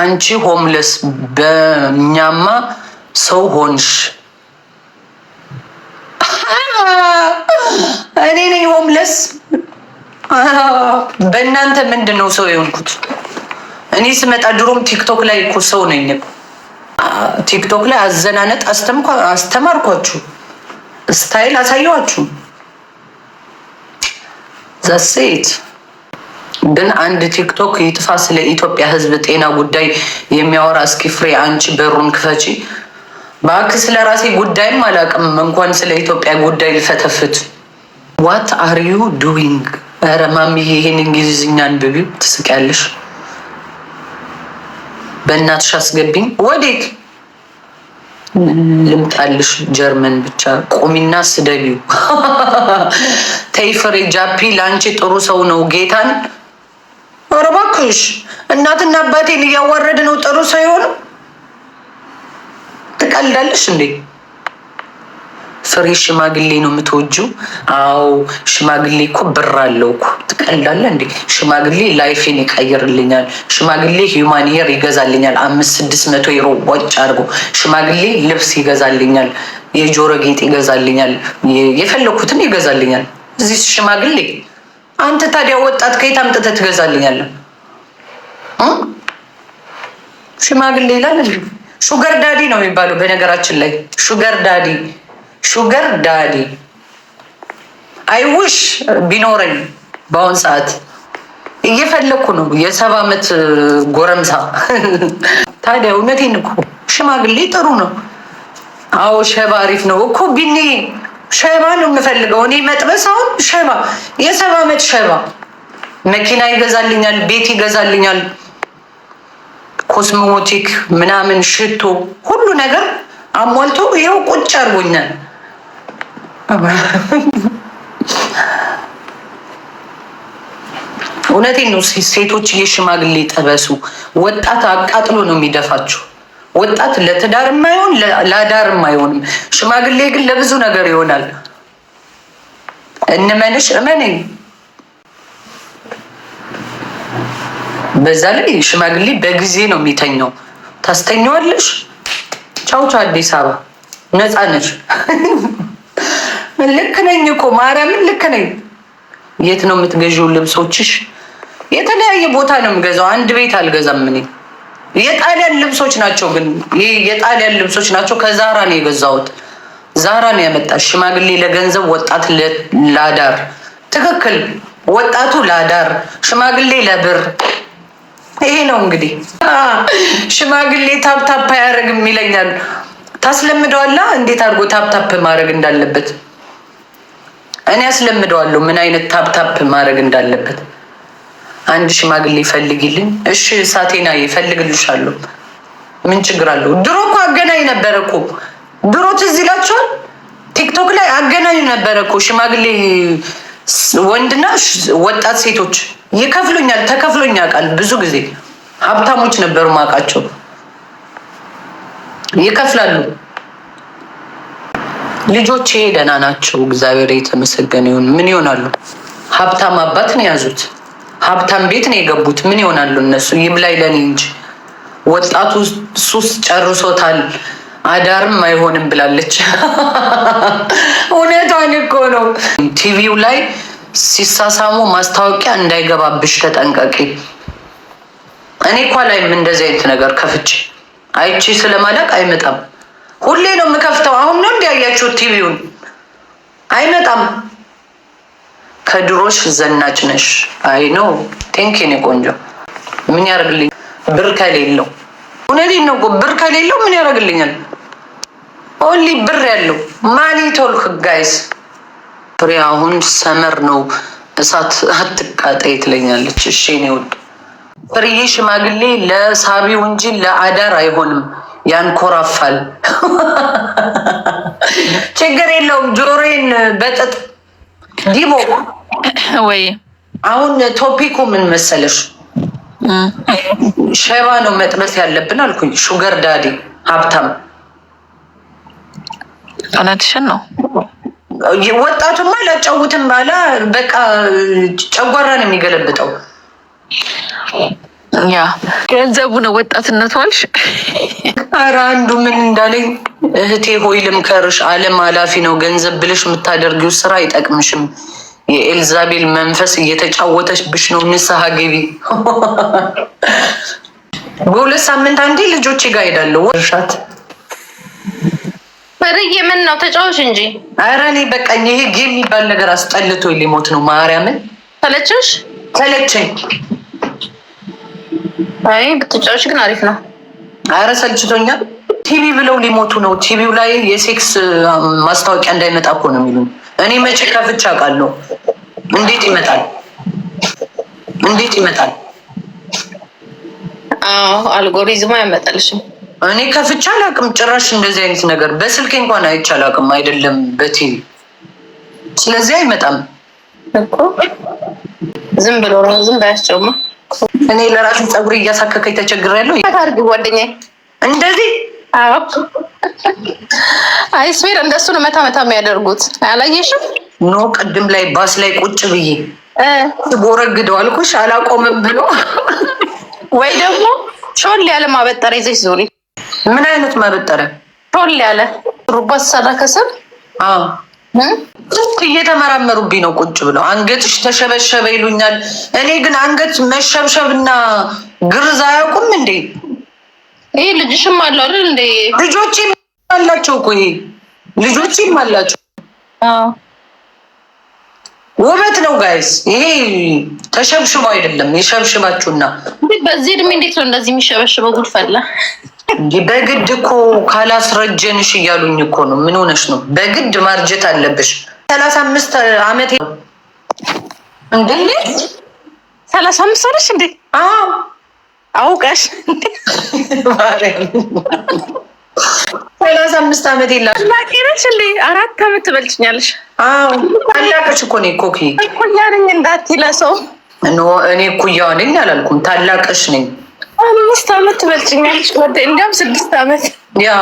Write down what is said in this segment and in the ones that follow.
አንቺ ሆምለስ በእኛማ ሰው ሆንሽ። እኔ ነኝ ሆምለስ። በእናንተ ምንድን ነው ሰው የሆንኩት? እኔ ስመጣ ድሮም ቲክቶክ ላይ እኮ ሰው ነኝ። ቲክቶክ ላይ አዘናነጥ አስተማርኳችሁ፣ ስታይል አሳየኋችሁ። ዘሴት ግን አንድ ቲክቶክ ይጥፋ ስለ ኢትዮጵያ ህዝብ ጤና ጉዳይ የሚያወራ እስኪ ፍሬ አንቺ በሩን ክፈቺ በአክ ስለ ራሴ ጉዳይም አላውቅም እንኳን ስለ ኢትዮጵያ ጉዳይ ልፈተፍት። ዋት አር ዩ ዱዊንግ? ኧረ ማሚዬ ይሄን እንግሊዝኛ አንብቢው ትስቂያለሽ። በእናትሽ አስገቢኝ ወዴት ልምጣልሽ? ጀርመን ብቻ ቁሚና ስደቢው። ተይ ጃፒ ለአንቺ ጥሩ ሰው ነው ጌታን ኧረ እባክሽ እናትና አባቴን እያዋረድ ነው። ጥሩ ሳይሆኑ ትቀልዳለሽ እንዴ? ፍሬ ሽማግሌ ነው የምትወጁ? አዎ ሽማግሌ እኮ ብር አለው እኮ። ትቀልዳለ እንዴ? ሽማግሌ ላይፌን ይቀይርልኛል፣ ሽማግሌ ሂውማን ሄር ይገዛልኛል፣ አምስት ስድስት መቶ ዩሮ ወጭ አድርጎ ሽማግሌ ልብስ ይገዛልኛል፣ የጆሮ ጌጥ ይገዛልኛል፣ የፈለግኩትን ይገዛልኛል። እዚህ ሽማግሌ አንተ ታዲያ ወጣት ከየት አምጥተህ ትገዛልኛለህ? ሽማግሌ ይላል እንዲ ሹገር ዳዲ ነው የሚባለው። በነገራችን ላይ ሹገር ዳዲ ሹገር ዳዲ አይውሽ ቢኖረኝ በአሁን ሰዓት እየፈለግኩ ነው የሰባ ዓመት ጎረምሳ። ታዲያ እውነቴን እኮ ሽማግሌ ጥሩ ነው። አዎ ሸባ አሪፍ ነው እኮ ቢኒ ሸማ ነው የምፈልገው እኔ መጥበስ። አሁን ሸማ የሰባ ዓመት ሸማ መኪና ይገዛልኛል፣ ቤት ይገዛልኛል፣ ኮስሞቲክ ምናምን ሽቶ ሁሉ ነገር አሟልቶ ይኸው ቁጭ አርጎኛል እውነቴን ነው ሴቶች፣ የሽማግሌ ጠበሱ ወጣት አቃጥሎ ነው የሚደፋችሁ። ወጣት ለትዳር የማይሆን ለአዳር የማይሆንም፣ ሽማግሌ ግን ለብዙ ነገር ይሆናል። እንመንሽ እመን። በዛ ላይ ሽማግሌ በጊዜ ነው የሚተኘው። ታስተኘዋለሽ። ቻው ቻው። አዲስ አበባ ነፃ ነች። ልክ ነኝ እኮ ማርያምን፣ ልክ ነኝ። የት ነው የምትገዢው? ልብሶችሽ የተለያየ ቦታ ነው የምገዛው። አንድ ቤት አልገዛም እኔ የጣሊያን ልብሶች ናቸው። ግን የጣሊያን ልብሶች ናቸው። ከዛራ ነው የገዛሁት። ዛራ ነው ያመጣት። ሽማግሌ ለገንዘብ፣ ወጣት ላዳር። ትክክል። ወጣቱ ላዳር፣ ሽማግሌ ለብር። ይሄ ነው እንግዲህ። ሽማግሌ ታፕታፕ አያደርግም ይለኛል። ታስለምደዋላ እንዴት አድርጎ ታፕታፕ ማድረግ እንዳለበት። እኔ አስለምደዋለሁ ምን አይነት ታፕታፕ ማድረግ እንዳለበት። አንድ ሽማግሌ ይፈልግልኝ። እሺ ሳቴና ይፈልግልሻለሁ። ምን ችግር አለው? ድሮ እኮ አገናኝ ነበረ እኮ ድሮ ትዝ ይላቸዋል። ቲክቶክ ላይ አገናኝ ነበረ እኮ ሽማግሌ ወንድና ወጣት ሴቶች ይከፍሉኛል፣ ተከፍሎኛ ቃል ብዙ ጊዜ ሀብታሞች ነበሩ ማውቃቸው ይከፍላሉ። ልጆቼ ደህና ናቸው፣ እግዚአብሔር የተመሰገነ ይሁን። ምን ይሆናሉ? ሀብታም አባትን ያዙት። ሀብታም ቤት ነው የገቡት። ምን ይሆናሉ እነሱ? ላይ ለኔ እንጂ ወጣቱ ሱስ ጨርሶታል። አዳርም አይሆንም ብላለች። እውነቷን እኮ ነው። ቲቪው ላይ ሲሳሳሙ ማስታወቂያ እንዳይገባብሽ ተጠንቀቂ። እኔ እኳ ላይም እንደዚህ አይነት ነገር ከፍቼ አይቼ ስለማላቅ አይመጣም። ሁሌ ነው የምከፍተው። አሁን ነው እንዲያያችሁት ቲቪውን አይመጣም። ከድሮሽ ዘናጭ ነሽ። አይ ነው ቴንክ ኔ ቆንጆ ምን ያደርግልኝ ብር ከሌለው እውነቴን ነው። ብር ከሌለው ምን ያደርግልኛል? ኦንሊ ብር ያለው ማኒ ቶልክ ጋይስ ፍሬ አሁን ሰመር ነው እሳት አትቃጠይ ትለኛለች። እሺ ኔ ውድ ፍሬዬ ሽማግሌ ለሳቢው እንጂ ለአዳር አይሆንም፣ ያንኮራፋል። ችግር የለውም ጆሮዬን በጥጥ ዲቦ ወይ አሁን ቶፒኩ ምን መሰለሽ? ሸባ ነው መጥበስ ያለብን አልኩኝ። ሹገር ዳዲ ሀብታም እውነትሽን ነው። ወጣቱማ ላጫውትም ባላ በቃ ጨጓራ ነው የሚገለብጠው። ያ ገንዘቡ ነው ወጣትነቱ አልሽ። ኧረ አንዱ ምን እንዳለኝ እህቴ ሆይ ልምከርሽ፣ ዓለም ኃላፊ ነው። ገንዘብ ብለሽ የምታደርጊው ስራ አይጠቅምሽም። የኤልዛቤል መንፈስ እየተጫወተብሽ ነው። ንስሐ ገቢ በሁለት ሳምንት አንዴ ልጆቼ ጋር ሄዳለሁ። እርሻት በርዬ ምን ነው ተጫወሽ እንጂ። ኧረ እኔ በቃ ይሄ ጌም የሚባል ነገር አስጠልቶ ሊሞት ነው። ማርያምን ተለችሽ? ተለችኝ አይ ብትጫወች ግን አሪፍ ነው። አረ ሰልችቶኛል። ቲቪ ብለው ሊሞቱ ነው። ቲቪው ላይ የሴክስ ማስታወቂያ እንዳይመጣ እኮ ነው የሚሉ። እኔ መቼ ከፍቼ አውቃለሁ? እንዴት ይመጣል? እንዴት ይመጣል? አዎ አልጎሪዝሙ አይመጣልሽም። እኔ ከፍቼ አላውቅም ጭራሽ እንደዚህ አይነት ነገር በስልኬ እንኳን አይቼ አላውቅም፣ አይደለም በቲቪ። ስለዚህ አይመጣም እኮ ዝም ብሎ ነው። ዝም ባያስጨውማ እኔ ለራሴ ፀጉር እያሳከከኝ ተቸግሬያለሁ። ታርግ ጓደኛዬ እንደዚህ አይስሜር እንደሱ ነው መታ መታ የሚያደርጉት አላየሽም? ኖ ቅድም ላይ ባስ ላይ ቁጭ ብዬ ቦረግደው አልኩሽ አላቆምም ብሎ ወይ ደግሞ ሾል ያለ ማበጠሪያ ይዘሽ ዞሪ። ምን አይነት ማበጠሪያ? ሾል ያለ ሩባ ሰራ ከስር እየተመራመሩብኝ ነው ቁጭ ብለው። አንገትሽ ተሸበሸበ ይሉኛል። እኔ ግን አንገት መሸብሸብና ግርዝ አያውቁም እንዴ? ይህ ልጅሽም አለው አይደል እንዴ? አላቸው እኮ ይሄ ልጆችም አላቸው። ውበት ነው ጋይስ። ይሄ ተሸብሽቦ አይደለም የሸብሽባችሁና። በዚህ እድሜ እንዴት ነው እንደዚህ የሚሸበሽበው? ጉድ ፈላ በግድ እኮ ካላስረጀንሽ እያሉኝ እኮ ነው። ምን ሆነሽ ነው? በግድ ማርጀት አለብሽ። ሰላሳ አምስት አመት እንዴ! ሰላሳ አምስት ሆነሽ እንዴ? አውቀሽ ሰላሳ አምስት አመት የላሽ እንዴ? አራት አመት ትበልጭኛለሽ። ታላቅሽ እኮ ነኝ ኮኪ እኩያ ነኝ እንዳትይ ለሰው። እኔ እኩያዋ ነኝ አላልኩም፣ ታላቅሽ ነኝ አምስት አመት ትበልጭኛለሽ ወደ እንዲያውም ስድስት አመት ያ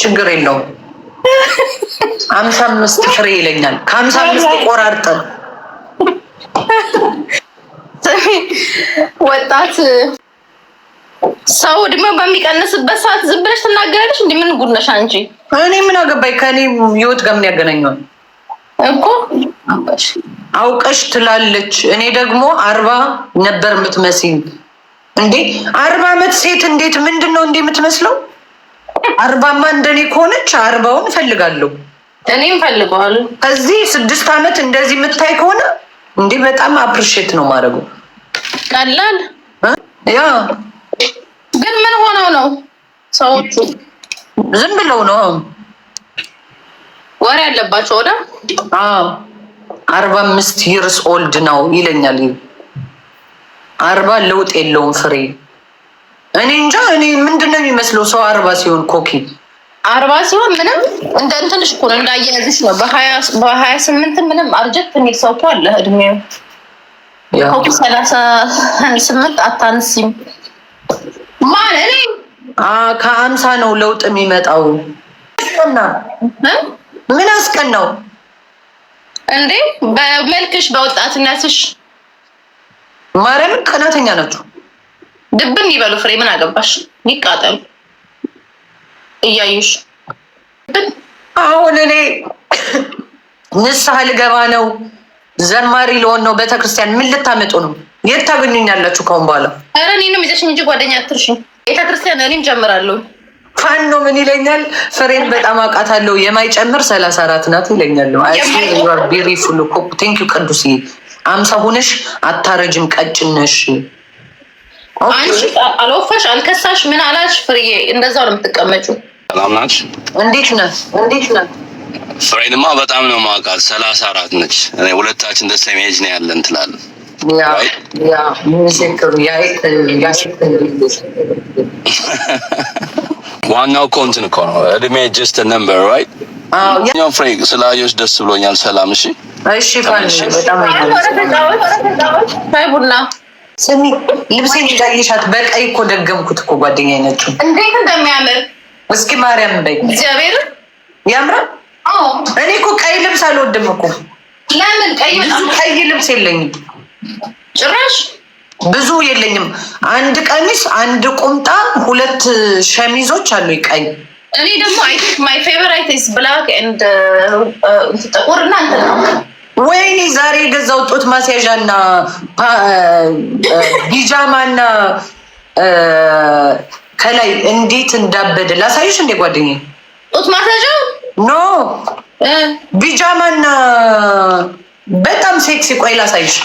ችግር የለውም። አምሳ አምስት ፍሬ ይለኛል። ከአምሳ አምስት ቆራርጠን ወጣት ሰው እድሜው በሚቀንስበት ሰዓት ዝም ብለሽ ትናገራለሽ። እንደ ምን ጉድ ነሽ አንቺ? እኔ ምን አገባኝ? ከእኔ ህይወት ጋር ምን ያገናኘዋል እኮ አውቀሽ ትላለች። እኔ ደግሞ አርባ ነበር የምትመስኝ እንዴ አርባ ዓመት ሴት እንዴት ምንድን ነው እንዴ የምትመስለው? አርባማ እንደኔ ከሆነች አርባውን ፈልጋለሁ እኔም ፈልገዋል። ከዚህ ስድስት ዓመት እንደዚህ የምታይ ከሆነ እንዴ በጣም አፕሪሼት ነው ማድረጉ። ቀላል ያ ግን ምን ሆነው ነው ሰዎቹ? ዝም ብለው ነው ወሬ ያለባቸው ወደ አርባ አምስት ይርስ ኦልድ ነው ይለኛል አርባ ለውጥ የለውም ፍሬ። እኔ እንጃ እኔ ምንድን ነው የሚመስለው ሰው አርባ ሲሆን ኮኪ አርባ ሲሆን ምንም እንደ እንትንሽ እኮ እንዳያያዝሽ ነው። በሀያ ስምንት ምንም አርጀት የሚል ሰው እኮ አለ እድሜው ኮኪ ሰላሳ ስምንት አታንሲም ማን እኔ ከአምሳ ነው ለውጥ የሚመጣው። ምን አስቀን ነው እንዴ በመልክሽ በወጣትነትሽ ማርያምን ቀናተኛ ናቸው። ድብን ይበሉ። ፍሬ ምን አገባሽ? ይቃጠሉ። እያዩሽ አሁን እኔ ንስሐ ልገባ ነው፣ ዘማሪ ልሆን ነው፣ ቤተክርስቲያን ምን ልታመጡ ነው? የት ታገኙኛላችሁ ከሁን በኋላ? ኧረ እኔንም ይዘሽኝ እንጂ ጓደኛ አትርሽ። ቤተክርስቲያን እኔም ጀምራለሁ። ነው ምን ይለኛል? ፍሬን በጣም አውቃታለሁ የማይጨምር ሰላሳ አራት ናት ይለኛል። ሪ ቴንኪዩ ቅዱስ አምሳ ሆነሽ አታረጅም፣ ቀጭን ነሽ። አንቺ አልወፈሽ አልከሳሽ፣ ምን አላሽ? ፍርዬ እንደዛው ነው የምትቀመጩ። ሰላም ናች? እንዴት ነ እንዴት ነ ፍሬንማ በጣም ነው የማውቃት። ሰላሳ አራት ነች። እኔ ሁለታችን ደስ ሜጅ ነው ያለን ትላለህ። ዋናው እኮ እንትን እኮ ነው እድሜ ጀስት ነምበር ራይት ኛው ፍሬ ስላየሁሽ ደስ ብሎኛል። ሰላም። እሺ፣ እሺ። ቡና ስሚ። ልብሴ እንዳየሻት በቀይ እኮ ደገምኩት እኮ ጓደኛዬ ነችው። እንዴት እንደሚያምር እስኪ ማርያም በይ። እግዚአብሔር ያምራል። እኔ እኮ ቀይ ልብስ አልወድም እኮ። ለምን ቀይ ልብስ የለኝም ጭራሽ ብዙ የለኝም። አንድ ቀሚስ፣ አንድ ቁምጣ፣ ሁለት ሸሚዞች አሉ ቀይ እኔ ደግሞ አይ ማይ ፌቨራይት ኢዝ ብላክ ኤንድ ጥቁር እና እንትን ነው። ወይኔ ዛሬ የገዛው ጡት ማስያዣ ቢጃማ ቢጃማና ከላይ እንዴት እንዳበደ ላሳይሽ። እንደ ጓደኛ ጡት ማስያዣ ኖ ቢጃማ ቢጃማና በጣም ሴክሲ። ቆይ ላሳይሽ